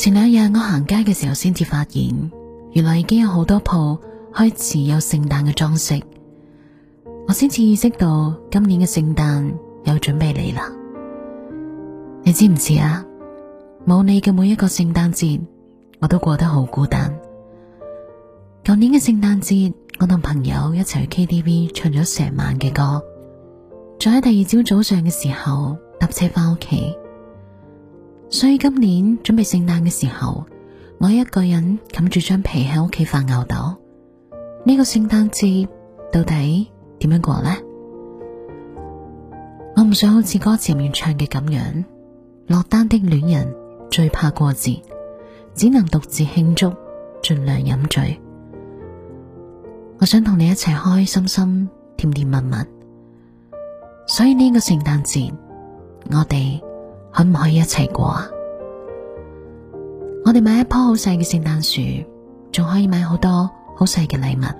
前兩日我行街嘅時候，先至發現原來已經有好多鋪開始有聖誕嘅裝飾，我先至意識到今年嘅聖誕有準備嚟啦。你知唔知啊？冇你嘅每一個聖誕節，我都過得好孤單。舊年嘅聖誕節，我同朋友一齊去 KTV 唱咗成晚嘅歌，仲喺第二朝早上嘅時候搭車翻屋企。所以今年準備聖誕嘅時候，我一個人冚住張皮喺屋企發吽哣。呢個聖誕節到底點樣過呢？我唔想好似歌詞入面唱嘅咁樣，落單的戀人最怕過節，只能獨自慶祝，盡量飲醉。我想同你一齊開開心心、甜甜蜜蜜。所以呢個聖誕節，我哋。可唔可以一齊過啊？我哋買一棵好細嘅聖誕樹，仲可以買好多好細嘅禮物。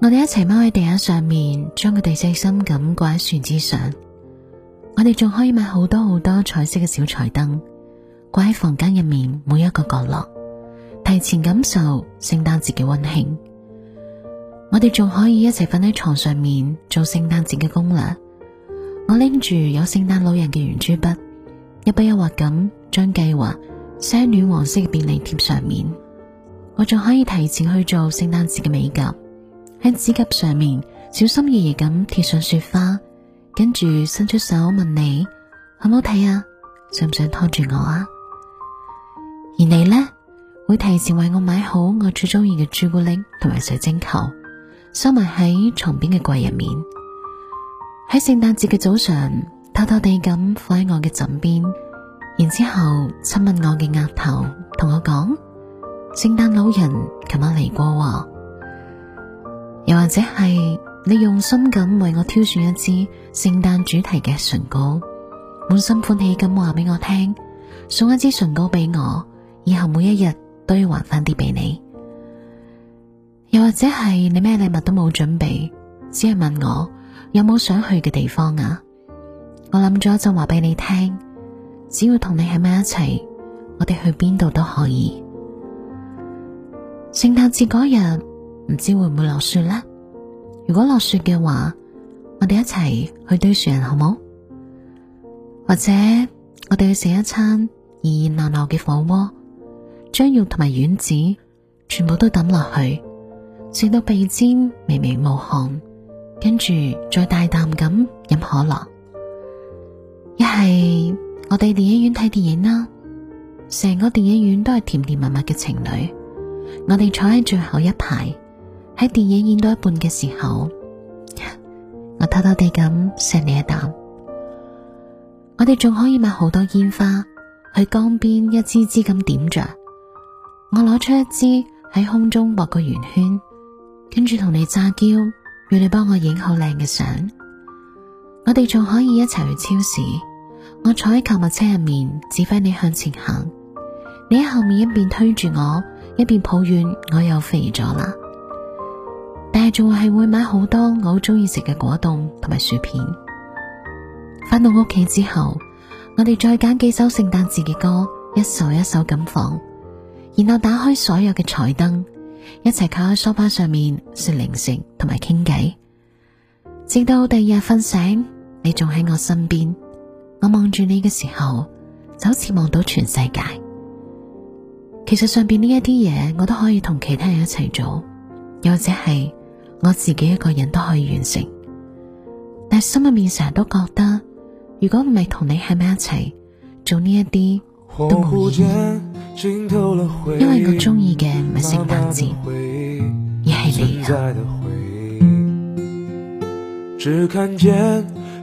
我哋一齊踎喺地下上面，將佢哋細心咁掛喺樹枝上。我哋仲可以買好多好多彩色嘅小彩燈，掛喺房間入面每一個角落，提前感受聖誕節嘅温馨。我哋仲可以一齊瞓喺床上面做聖誕節嘅攻略。我拎住有聖誕老人嘅圓珠筆。一筆一劃咁將計劃寫喺暖黃色嘅便利貼上面，我仲可以提前去做聖誕節嘅美甲，喺指甲上面小心翼翼咁貼上雪花，跟住伸出手問你好唔好睇啊？想唔想拖住我啊？而你呢，會提前為我買好我最中意嘅朱古力同埋水晶球，收埋喺床邊嘅櫃入面，喺聖誕節嘅早上，偷偷哋咁放喺我嘅枕邊，然之後親吻我嘅額頭，同我講聖誕老人琴晚嚟過喎。又或者係你用心咁為我挑選一支聖誕主題嘅唇膏，滿心歡喜咁話俾我聽，送一支唇膏俾我，以後每一日都要還翻啲俾你。又或者係你咩禮物都冇準備，只係問我有冇想去嘅地方啊？我諗咗就話俾你聽，只要同你喺埋一齊，我哋去邊度都可以。聖誕節嗰日唔知會唔會落雪呢？如果落雪嘅話，我哋一齊去堆雪人，好冇？或者我哋去食一餐熱熱鬧鬧嘅火鍋，將肉同埋丸子，全部都抌落去，食到鼻尖微微冒汗，跟住再大啖咁飲可樂。一係我哋電影院睇電影啦，成個電影院都係甜甜蜜蜜嘅情侶，我哋坐喺最後一排，喺電影演到一半嘅時候，我偷偷哋咁錫你一啖。我哋仲可以買好多煙花去江邊一支支咁點着，我攞出一支喺空中畫個圓圈，跟住同你詐嬌，要你幫我影好靚嘅相。我哋仲可以一齊去超市，我坐喺購物車入面，指揮你向前行，你喺後面一邊推住我，一邊抱怨我又肥咗啦。但係仲係會買好多我好中意食嘅果凍同埋薯片。返到屋企之後，我哋再揀幾首聖誕節嘅歌，一首一首咁放，然後打開所有嘅彩燈，一齊靠喺梳化上面食零食同埋傾偈，直到第二日瞓醒。你仲喺我身邊，我望住你嘅時候就好似望到全世界。其實上邊呢一啲嘢，我都可以同其他人一齊做，又或者係我自己一個人都可以完成。但係心入面成日都覺得，如果唔係同你喺埋一齊做呢一啲，都冇意義。因為我中意嘅唔係聖誕節，而係你啊。嗯